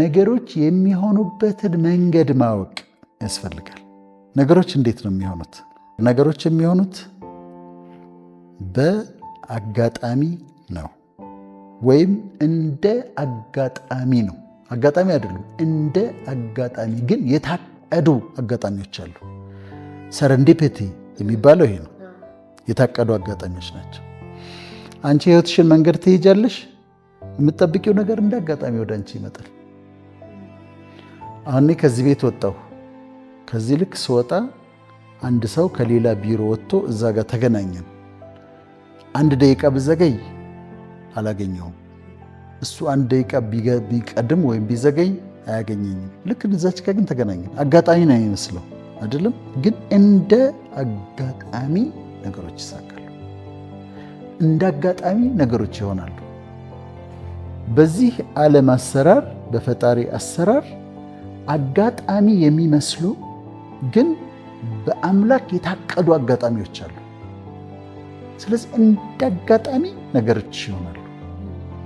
ነገሮች የሚሆኑበትን መንገድ ማወቅ ያስፈልጋል። ነገሮች እንዴት ነው የሚሆኑት? ነገሮች የሚሆኑት በአጋጣሚ ነው ወይም እንደ አጋጣሚ ነው። አጋጣሚ አይደሉም፣ እንደ አጋጣሚ ግን የታቀዱ አጋጣሚዎች አሉ። ሰረንዲፒቲ የሚባለው ይሄ ነው። የታቀዱ አጋጣሚዎች ናቸው። አንቺ ህይወትሽን መንገድ ትሄጃለሽ። የምትጠብቂው ነገር እንደ አጋጣሚ ወደ አንቺ ይመጣል። አሁን እኔ ከዚህ ቤት ወጣሁ። ከዚህ ልክ ስወጣ አንድ ሰው ከሌላ ቢሮ ወጥቶ እዛ ጋር ተገናኘን። አንድ ደቂቃ ብዘገይ አላገኘውም። እሱ አንድ ደቂቃ ቢቀድም ወይም ቢዘገይ አያገኘኝም። ልክ እዛች ጋር ግን ተገናኘን። አጋጣሚ ነው የሚመስለው አይደለም፣ ግን እንደ አጋጣሚ ነገሮች ይሳካሉ። እንደ አጋጣሚ ነገሮች ይሆናሉ። በዚህ ዓለም አሰራር፣ በፈጣሪ አሰራር አጋጣሚ የሚመስሉ ግን በአምላክ የታቀዱ አጋጣሚዎች አሉ። ስለዚህ እንደ አጋጣሚ ነገሮች ይሆናሉ።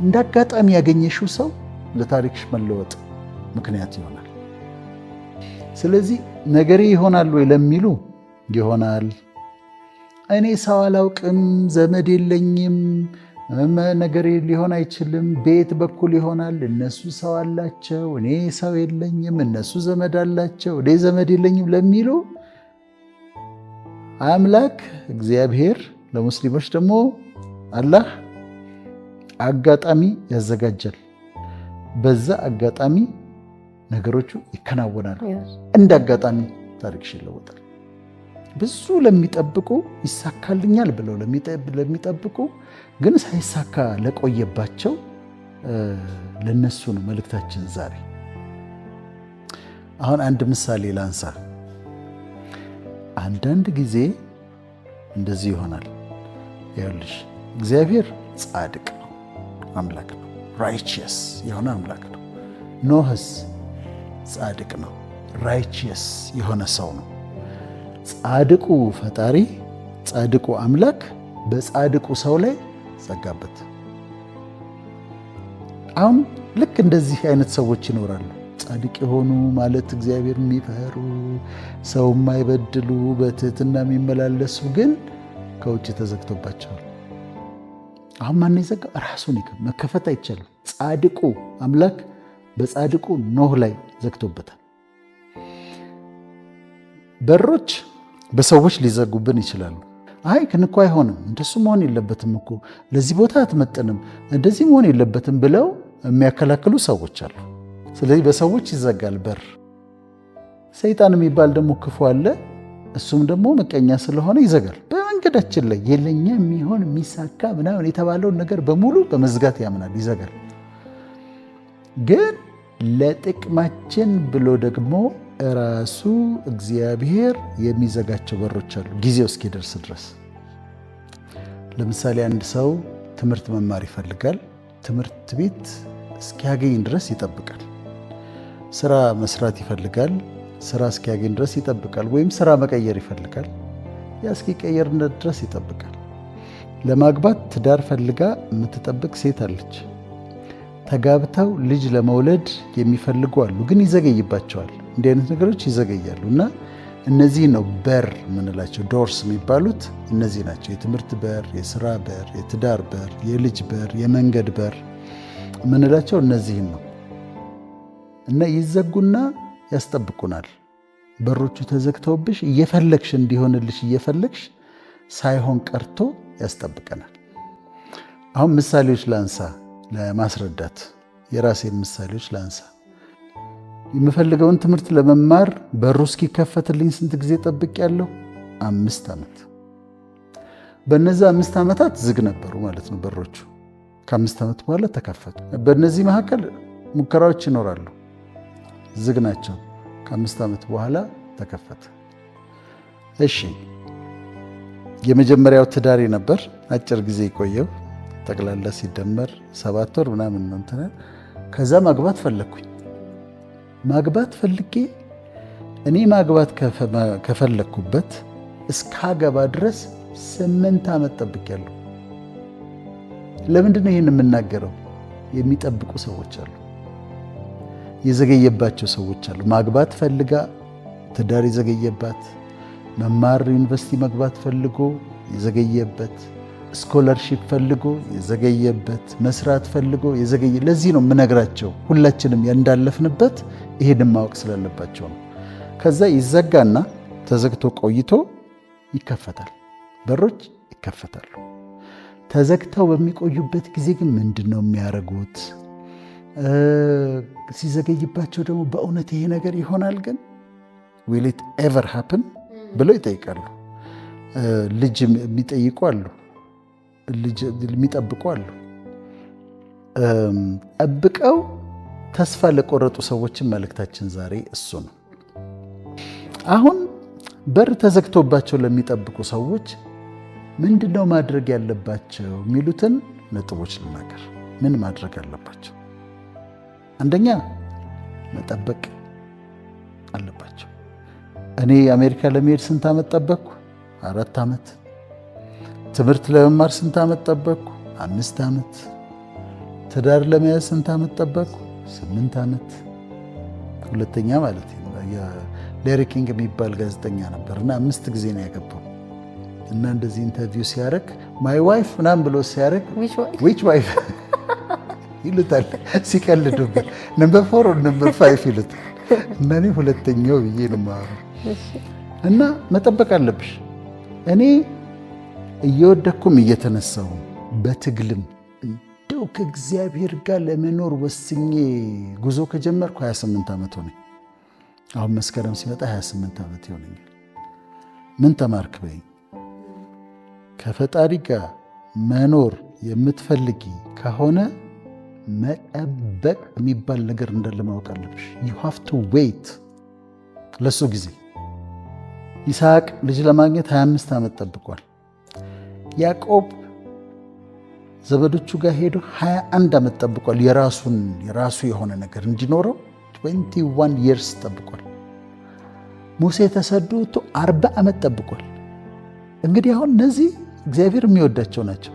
እንደ አጋጣሚ ያገኘሽው ሰው ለታሪክሽ መለወጥ ምክንያት ይሆናል። ስለዚህ ነገሬ ይሆናል ወይ ለሚሉ ይሆናል። እኔ ሰው አላውቅም፣ ዘመድ የለኝም ነገር ሊሆን አይችልም። ቤት በኩል ይሆናል። እነሱ ሰው አላቸው፣ እኔ ሰው የለኝም። እነሱ ዘመድ አላቸው፣ እኔ ዘመድ የለኝም ለሚሉ አምላክ እግዚአብሔር ለሙስሊሞች ደግሞ አላህ አጋጣሚ ያዘጋጃል። በዛ አጋጣሚ ነገሮቹ ይከናወናሉ። እንደ አጋጣሚ ታሪክሽ ይለወጣል። ብዙ ለሚጠብቁ ይሳካልኛል ብለው ለሚጠብቁ ግን ሳይሳካ ለቆየባቸው ለነሱ ነው መልእክታችን ዛሬ። አሁን አንድ ምሳሌ ላንሳ። አንዳንድ ጊዜ እንደዚህ ይሆናል። ይኸውልሽ እግዚአብሔር ጻድቅ ነው፣ አምላክ ነው፣ ራይቸስ የሆነ አምላክ ነው። ኖህስ ጻድቅ ነው፣ ራይቸስ የሆነ ሰው ነው። ጻድቁ ፈጣሪ ጻድቁ አምላክ በጻድቁ ሰው ላይ ጸጋበት። አሁን ልክ እንደዚህ አይነት ሰዎች ይኖራሉ። ጻድቅ የሆኑ ማለት እግዚአብሔር የሚፈሩ ሰው የማይበድሉ በትህትና የሚመላለሱ ግን ከውጭ ተዘግቶባቸዋል። አሁን ማን ይዘጋ? ራሱን ይከ መከፈት አይቻልም። ጻድቁ አምላክ በጻድቁ ኖህ ላይ ዘግቶበታል። በሮች በሰዎች ሊዘጉብን ይችላሉ። አይ ክንኮ አይሆንም፣ እንደሱ መሆን የለበትም እኮ ለዚህ ቦታ አትመጥንም፣ እንደዚህ መሆን የለበትም ብለው የሚያከላክሉ ሰዎች አሉ። ስለዚህ በሰዎች ይዘጋል በር። ሰይጣን የሚባል ደግሞ ክፉ አለ። እሱም ደግሞ ምቀኛ ስለሆነ ይዘጋል በመንገዳችን ላይ የለኛ የሚሆን የሚሳካ ምናምን የተባለውን ነገር በሙሉ በመዝጋት ያምናል፣ ይዘጋል። ግን ለጥቅማችን ብሎ ደግሞ ራሱ እግዚአብሔር የሚዘጋቸው በሮች አሉ ጊዜው እስኪደርስ ድረስ። ለምሳሌ አንድ ሰው ትምህርት መማር ይፈልጋል። ትምህርት ቤት እስኪያገኝ ድረስ ይጠብቃል። ስራ መስራት ይፈልጋል። ስራ እስኪያገኝ ድረስ ይጠብቃል። ወይም ስራ መቀየር ይፈልጋል። ያ እስኪቀየር ድረስ ይጠብቃል። ለማግባት ትዳር ፈልጋ የምትጠብቅ ሴት አለች። ተጋብተው ልጅ ለመውለድ የሚፈልጉ አሉ፣ ግን ይዘገይባቸዋል። እንዲህ አይነት ነገሮች ይዘገያሉ እና እነዚህ ነው በር የምንላቸው ዶርስ የሚባሉት እነዚህ ናቸው። የትምህርት በር፣ የስራ በር፣ የትዳር በር፣ የልጅ በር፣ የመንገድ በር የምንላቸው እነዚህን ነው እና ይዘጉና ያስጠብቁናል። በሮቹ ተዘግተውብሽ እየፈለግሽ እንዲሆንልሽ እየፈለግሽ ሳይሆን ቀርቶ ያስጠብቀናል። አሁን ምሳሌዎች ላንሳ ለማስረዳት የራሴን ምሳሌዎች ላንሳ። የምፈልገውን ትምህርት ለመማር በሩ እስኪከፈትልኝ ስንት ጊዜ ጠብቅ ያለው? አምስት ዓመት። በእነዚህ አምስት ዓመታት ዝግ ነበሩ ማለት ነው በሮቹ። ከአምስት ዓመት በኋላ ተከፈቱ። በእነዚህ መካከል ሙከራዎች ይኖራሉ፣ ዝግ ናቸው። ከአምስት ዓመት በኋላ ተከፈተ። እሺ፣ የመጀመሪያው ትዳሪ ነበር። አጭር ጊዜ የቆየው ጠቅላላ ሲደመር ሰባት ወር ምናምን ነው። ከዛ ማግባት ፈለግኩኝ ማግባት ፈልጌ እኔ ማግባት ከፈለግኩበት እስካገባ ድረስ ስምንት ዓመት ጠብቄያለሁ። ለምንድን ነው ይህን የምናገረው? የሚጠብቁ ሰዎች አሉ፣ የዘገየባቸው ሰዎች አሉ። ማግባት ፈልጋ ትዳር የዘገየባት፣ መማር ዩኒቨርሲቲ መግባት ፈልጎ የዘገየበት ስኮለርሺፕ ፈልጎ የዘገየበት መስራት ፈልጎ የዘገየ። ለዚህ ነው የምነግራቸው ሁላችንም እንዳለፍንበት ይሄን ማወቅ ስላለባቸው ነው። ከዛ ይዘጋና ተዘግቶ ቆይቶ ይከፈታል፣ በሮች ይከፈታሉ። ተዘግተው በሚቆዩበት ጊዜ ግን ምንድን ነው የሚያደርጉት? ሲዘገይባቸው ደግሞ በእውነት ይሄ ነገር ይሆናል ግን ዊል ኢት ኤቨር ሃፕን ብለው ይጠይቃሉ። ልጅ የሚጠይቁ አሉ የሚጠብቁ አሉ። ጠብቀው ተስፋ ለቆረጡ ሰዎችን መልእክታችን ዛሬ እሱ ነው። አሁን በር ተዘግቶባቸው ለሚጠብቁ ሰዎች ምንድነው ማድረግ ያለባቸው የሚሉትን ነጥቦች ልናገር። ምን ማድረግ አለባቸው? አንደኛ መጠበቅ አለባቸው። እኔ አሜሪካ ለመሄድ ስንት ዓመት ጠበቅኩ? አራት ዓመት ትምህርት ለመማር ስንት ዓመት ጠበቅኩ? አምስት ዓመት። ትዳር ለመያዝ ስንት ዓመት ጠበቅኩ? ስምንት ዓመት። ሁለተኛ ማለት ሌሪኪንግ የሚባል ጋዜጠኛ ነበር እና አምስት ጊዜ ነው ያገባው እና እንደዚህ ኢንተርቪው ሲያደርግ ማይ ዋይፍ ምናምን ብሎ ሲያደርግ ዊች ዋይፍ ይሉታል ሲቀልዱበት፣ ነምበር ፎር ነምበር ፋይፍ ይሉታል። እና እኔ ሁለተኛው ብዬ ነው እና መጠበቅ አለብሽ እኔ እየወደኩም እየተነሳው በትግልም እንደው ከእግዚአብሔር ጋር ለመኖር ወስኜ ጉዞ ከጀመርኩ 28 ዓመት ሆነ። አሁን መስከረም ሲመጣ 28 ዓመት ይሆነኛል። ምን ተማርክ በይ ከፈጣሪ ጋር መኖር የምትፈልጊ ከሆነ መጠበቅ የሚባል ነገር እንዳለ ማወቅ አለብሽ። ዩ ሃቭ ቱ ዌይት ለእሱ ጊዜ። ይስሐቅ ልጅ ለማግኘት 25 ዓመት ጠብቋል። ያዕቆብ ዘመዶቹ ጋር ሄዶ 21 ዓመት ጠብቋል። የራሱን የራሱ የሆነ ነገር እንዲኖረው 21 የርስ ጠብቋል። ሙሴ ተሰዶቶ 40 ዓመት ጠብቋል። እንግዲህ አሁን እነዚህ እግዚአብሔር የሚወዳቸው ናቸው።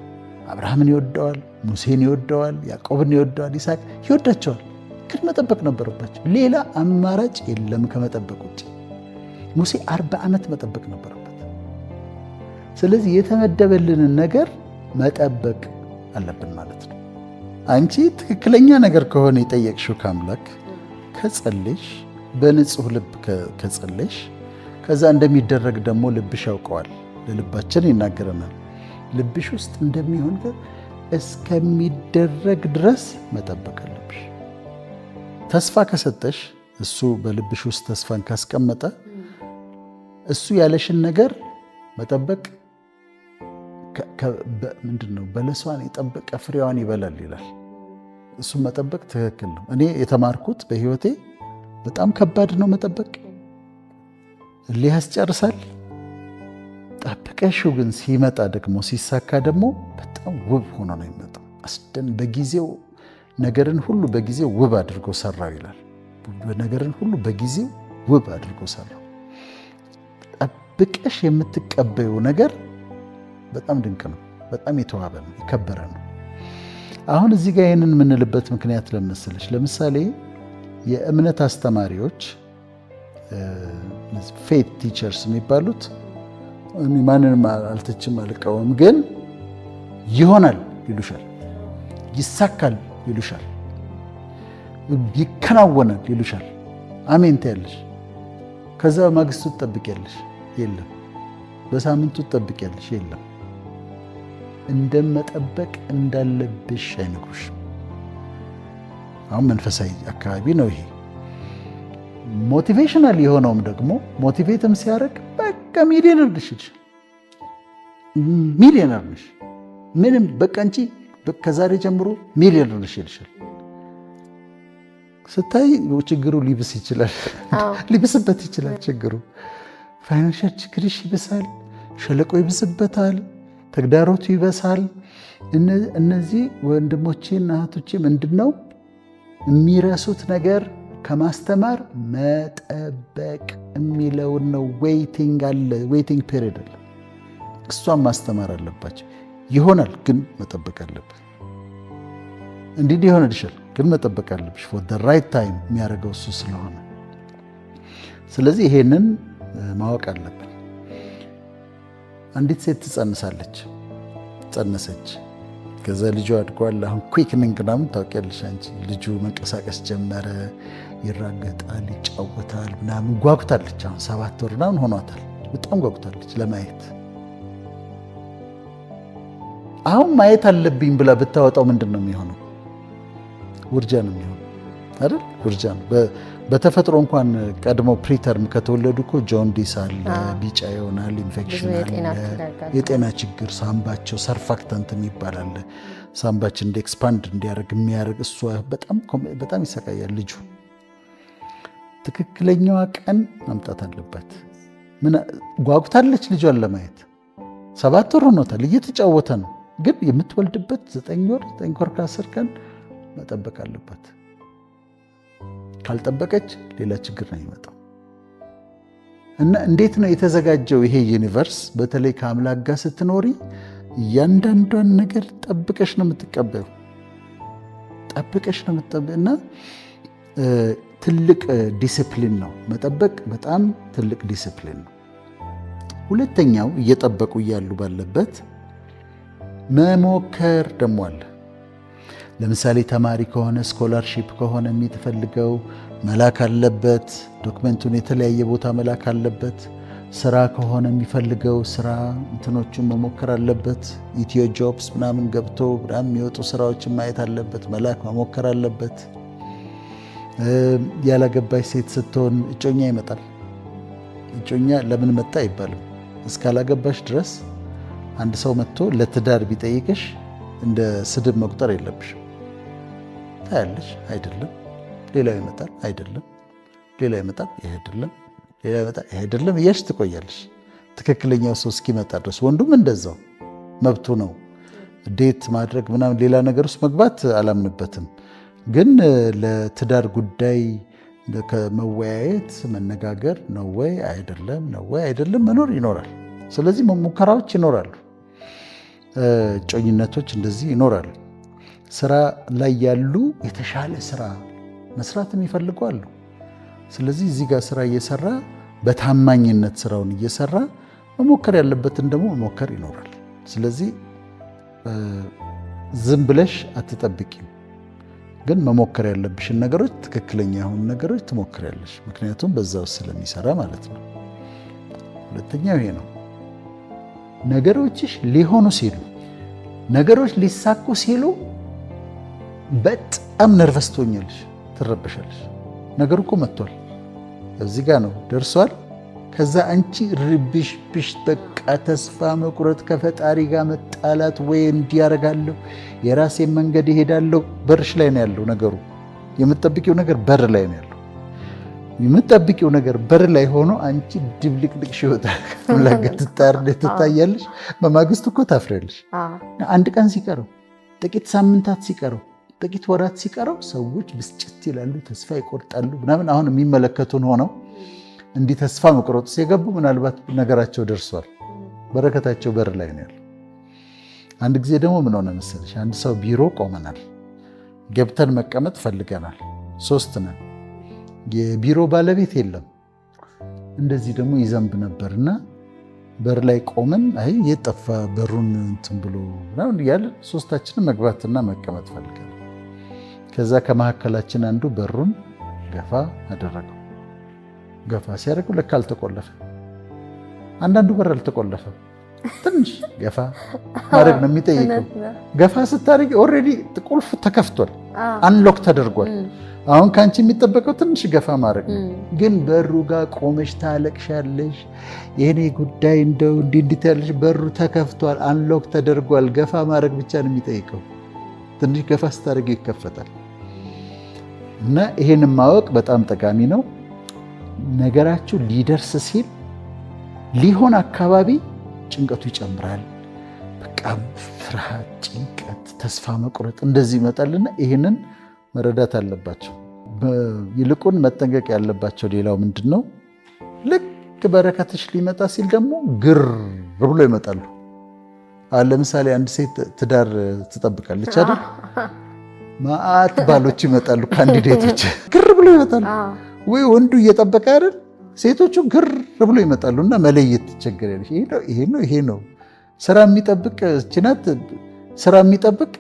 አብርሃምን ይወደዋል፣ ሙሴን ይወደዋል፣ ያዕቆብን ይወደዋል፣ ይስሐቅ ይወዳቸዋል። ግን መጠበቅ ነበረባቸው። ሌላ አማራጭ የለም ከመጠበቅ ውጭ። ሙሴ 40 ዓመት መጠበቅ ነበረው። ስለዚህ የተመደበልንን ነገር መጠበቅ አለብን ማለት ነው። አንቺ ትክክለኛ ነገር ከሆነ የጠየቅሽው ከአምላክ ከጸለሽ፣ በንጹህ ልብ ከጸለሽ፣ ከዛ እንደሚደረግ ደግሞ ልብሽ ያውቀዋል። ለልባችን ይናገረናል። ልብሽ ውስጥ እንደሚሆን እስከሚደረግ ድረስ መጠበቅ አለብሽ። ተስፋ ከሰጠሽ እሱ በልብሽ ውስጥ ተስፋን ካስቀመጠ እሱ ያለሽን ነገር መጠበቅ ምንድን ነው በለሷን የጠበቀ ፍሬዋን ይበላል ይላል። እሱም መጠበቅ ትክክል ነው። እኔ የተማርኩት በህይወቴ በጣም ከባድ ነው መጠበቅ፣ ያስጨርሳል ጠብቀሽው ግን ሲመጣ ደግሞ ሲሳካ ደግሞ በጣም ውብ ሆኖ ነው የሚመጣው። አስደን በጊዜው ነገርን ሁሉ በጊዜው ውብ አድርጎ ሰራው ይላል። ነገርን ሁሉ በጊዜው ውብ አድርጎ ሰራው። ጠብቀሽ የምትቀበዩ ነገር በጣም ድንቅ ነው። በጣም የተዋበ ነው፣ የከበረ ነው። አሁን እዚህ ጋር ይህንን የምንልበት ምክንያት ለመሰለች ለምሳሌ የእምነት አስተማሪዎች ፌት ቲቸርስ የሚባሉት ማንንም አልተችም አልቃወም፣ ግን ይሆናል ይሉሻል፣ ይሳካል ይሉሻል፣ ይከናወናል ይሉሻል። አሜን ትያለሽ። ከዛ በማግስቱ ትጠብቂያለሽ፣ የለም። በሳምንቱ ትጠብቂያለሽ፣ የለም። እንደመጠበቅ እንዳለብሽ አይነግሩሽ። አሁን መንፈሳዊ አካባቢ ነው ይሄ። ሞቲቬሽናል የሆነውም ደግሞ ሞቲቬትም ሲያደርግ በቃ ሚሊዮነር ነሽ ሚሊዮነር ነሽ ምንም በቃ እንጂ ከዛሬ ጀምሮ ሚሊዮነር ነሽ ይልሻል። ስታይ ችግሩ ሊብስ ይችላል፣ ሊብስበት ይችላል። ችግሩ ፋይናንሻል ችግርሽ ይብሳል፣ ሸለቆ ይብስበታል። ተግዳሮቱ ይበሳል። እነዚህ ወንድሞቼና እህቶቼ ነው የሚረሱት ነገር ከማስተማር መጠበቅ የሚለውን ነው። ዌይቲንግ አለ፣ ዌይቲንግ ፔሪድ አለ። እሷን ማስተማር አለባቸው። ይሆናል ግን መጠበቅ አለብን። እንዲህ ሊሆን ይችላል ግን መጠበቅ አለብሽ። ፎር ራይት ታይም የሚያደርገው እሱ ስለሆነ ስለዚህ ይሄንን ማወቅ አለብን። አንዲት ሴት ትጸንሳለች። ጸነሰች። ከዛ ልጁ አድጓል። አሁን ኩክኒንግ ምናምን ታውቂያለሽ አንቺ። ልጁ መንቀሳቀስ ጀመረ፣ ይራገጣል፣ ይጫወታል ምናምን። ጓጉታለች። አሁን ሰባት ወር ምናምን ሆኗታል። በጣም ጓጉታለች ለማየት። አሁን ማየት አለብኝ ብላ ብታወጣው ምንድን ነው የሚሆነው? ውርጃ ነው የሚሆነው። አይደል? ውርጃ ነው። በተፈጥሮ እንኳን ቀድሞ ፕሪተርም ከተወለዱ እኮ ጆንዲስ አለ፣ ቢጫ ይሆናል፣ ኢንፌክሽን አለ፣ የጤና ችግር ሳምባቸው ሰርፋክተንት የሚባል አለ። ሳምባችን እንደ ኤክስፓንድ እንዲያደርግ የሚያደርግ እሷ በጣም ይሰቃያል ልጁ። ትክክለኛዋ ቀን መምጣት አለባት። ጓጉታለች ልጇን ለማየት ሰባት ወር ሆኖታል፣ እየተጫወተ ነው። ግን የምትወልድበት ዘጠኝ ወር ዘጠኝ ወር ከአስር ቀን መጠበቅ አለባት። ካልጠበቀች ሌላ ችግር ነው የሚመጣው። እና እንዴት ነው የተዘጋጀው ይሄ ዩኒቨርስ? በተለይ ከአምላክ ጋር ስትኖሪ እያንዳንዷን ነገር ጠብቀሽ ነው የምትቀበዩ፣ ጠብቀሽ ነው የምትጠበዩ። እና ትልቅ ዲስፕሊን ነው መጠበቅ፣ በጣም ትልቅ ዲስፕሊን ነው። ሁለተኛው እየጠበቁ እያሉ ባለበት መሞከር ደግሞ አለ። ለምሳሌ ተማሪ ከሆነ ስኮላርሺፕ ከሆነ የሚፈልገው መላክ አለበት። ዶክመንቱን የተለያየ ቦታ መላክ አለበት። ስራ ከሆነ የሚፈልገው ስራ እንትኖቹን መሞከር አለበት። ኢትዮ ጆብስ ምናምን ገብቶ ምናምን የሚወጡ ስራዎችን ማየት አለበት፣ መላክ መሞከር አለበት። ያላገባች ሴት ስትሆን እጮኛ ይመጣል። እጮኛ ለምን መጣ አይባልም። እስካላገባሽ ድረስ አንድ ሰው መጥቶ ለትዳር ቢጠይቅሽ እንደ ስድብ መቁጠር የለብሽም። ታያለሽ፣ አይደለም ሌላው ይመጣል፣ አይደለም ሌላው ይመጣል፣ ይሄ አይደለም ሌላው ይመጣል፣ ይሄ አይደለም እያልሽ ትቆያለሽ፣ ትክክለኛው ሰው እስኪመጣ ድረስ። ወንዱም እንደዛው መብቱ ነው። ዴት ማድረግ ምናምን ሌላ ነገር ውስጥ መግባት አላምንበትም። ግን ለትዳር ጉዳይ ከመወያየት መነጋገር ነው ወይ አይደለም፣ ነው ወይ አይደለም መኖር ይኖራል። ስለዚህ ሙከራዎች ይኖራሉ፣ ጮኝነቶች እንደዚህ ይኖራሉ። ስራ ላይ ያሉ የተሻለ ስራ መስራት የሚፈልጉ አሉ። ስለዚህ እዚህ ጋር ስራ እየሰራ በታማኝነት ስራውን እየሰራ መሞከር ያለበትን ደግሞ መሞከር ይኖራል። ስለዚህ ዝም ብለሽ አትጠብቂም፣ ግን መሞከር ያለብሽን ነገሮች፣ ትክክለኛ የሆኑ ነገሮች ትሞክሪያለሽ። ምክንያቱም በዛ ውስጥ ስለሚሰራ ማለት ነው። ሁለተኛው ይሄ ነው። ነገሮችሽ ሊሆኑ ሲሉ ነገሮች ሊሳኩ ሲሉ በጣም ነርቨስ ትሆኛለሽ፣ ትረበሻለሽ። ነገር እኮ መጥቷል፣ እዚህ ጋ ነው ደርሷል። ከዛ አንቺ ርብሽ ብሽ በቃ ተስፋ መቁረጥ፣ ከፈጣሪ ጋር መጣላት፣ ወይ እንዲያረጋለሁ የራሴን መንገድ ይሄዳለሁ። በርሽ ላይ ነው ያለው ነገሩ። የምጠብቂው ነገር በር ላይ ነው ያለው። የምጠብቂው ነገር በር ላይ ሆኖ አንቺ ድብልቅልቅ ሽወጣል ላጋ ትታርደ ትታያለሽ። በማግስት እኮ ታፍሬያለሽ። አንድ ቀን ሲቀረው፣ ጥቂት ሳምንታት ሲቀረው ጥቂት ወራት ሲቀረው ሰዎች ብስጭት ይላሉ፣ ተስፋ ይቆርጣሉ ምናምን። አሁን የሚመለከቱን ሆነው እንዲህ ተስፋ መቁረጥ ሲገቡ ምናልባት ነገራቸው ደርሷል፣ በረከታቸው በር ላይ ነው ያለ። አንድ ጊዜ ደግሞ ምን ሆነ መሰለሽ፣ አንድ ሰው ቢሮ ቆመናል፣ ገብተን መቀመጥ ፈልገናል፣ ሶስት ነን። የቢሮ ባለቤት የለም። እንደዚህ ደግሞ ይዘንብ ነበርና በር ላይ ቆመን አይ የጠፋ በሩን እንትን ብሎ ሶስታችንን መግባትና መቀመጥ ፈልገናል። ከዛ ከመካከላችን አንዱ በሩን ገፋ አደረገው። ገፋ ሲያደርገው ልክ አልተቆለፈ። አንዳንዱ በር አልተቆለፈም። ትንሽ ገፋ ማድረግ ነው የሚጠይቀው። ገፋ ስታደርግ ኦልሬዲ ቁልፉ ተከፍቷል፣ አንሎክ ተደርጓል። አሁን ከአንቺ የሚጠበቀው ትንሽ ገፋ ማድረግ ነው። ግን በሩ ጋር ቆመሽ ታለቅሻለሽ። የኔ ጉዳይ እንደው እንዲህ ያለሽ፣ በሩ ተከፍቷል፣ አንሎክ ተደርጓል። ገፋ ማድረግ ብቻ ነው የሚጠይቀው። ትንሽ ገፋ ስታደርግ ይከፈታል። እና ይሄንን ማወቅ በጣም ጠቃሚ ነው። ነገራችሁ ሊደርስ ሲል ሊሆን አካባቢ ጭንቀቱ ይጨምራል። በቃም ፍርሃት፣ ጭንቀት፣ ተስፋ መቁረጥ እንደዚህ ይመጣልና ይህንን መረዳት አለባቸው። ይልቁን መጠንቀቅ ያለባቸው ሌላው ምንድን ነው? ልክ በረከትሽ ሊመጣ ሲል ደግሞ ግር ብሎ ይመጣሉ። ለምሳሌ አንድ ሴት ትዳር ትጠብቃለች አይደል? ማአት ባሎች ይመጣሉ፣ ካንዲዴቶች ግር ብሎ ይመጣሉ። ወይ ወንዱ እየጠበቀ አይደል፣ ሴቶቹ ግር ብሎ ይመጣሉ። እና መለየት ትቸገሪያለሽ። ይሄ ነው ይሄ ነው ይሄ ነው። ስራ የሚጠብቅ ችናት ስራ የሚጠብቅ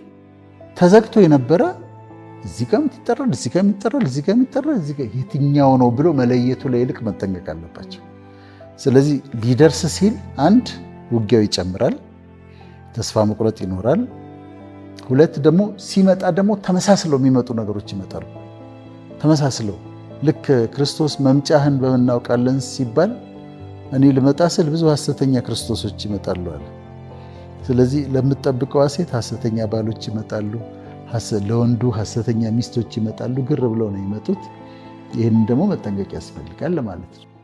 ተዘግቶ የነበረ እዚህ ጋም ይጠራል፣ እዚህ ጋም ይጠራል፣ እዚህ ጋም ይጠራል፣ እዚህ ጋር የትኛው ነው ብሎ መለየቱ ላይ ይልቅ መጠንቀቅ አለባቸው። ስለዚህ ሊደርስ ሲል አንድ ውጊያው ይጨምራል፣ ተስፋ መቁረጥ ይኖራል። ሁለት ደግሞ ሲመጣ ደግሞ ተመሳስለው የሚመጡ ነገሮች ይመጣሉ። ተመሳስለው ልክ ክርስቶስ መምጫህን በምናውቃለን ሲባል እኔ ልመጣ ስል ብዙ ሐሰተኛ ክርስቶሶች ይመጣሉ አለ። ስለዚህ ለምትጠብቀዋ ሴት ሐሰተኛ ባሎች ይመጣሉ፣ ለወንዱ ሐሰተኛ ሚስቶች ይመጣሉ። ግር ብለው ነው ይመጡት። ይህንን ደግሞ መጠንቀቅ ያስፈልጋል ማለት ነው።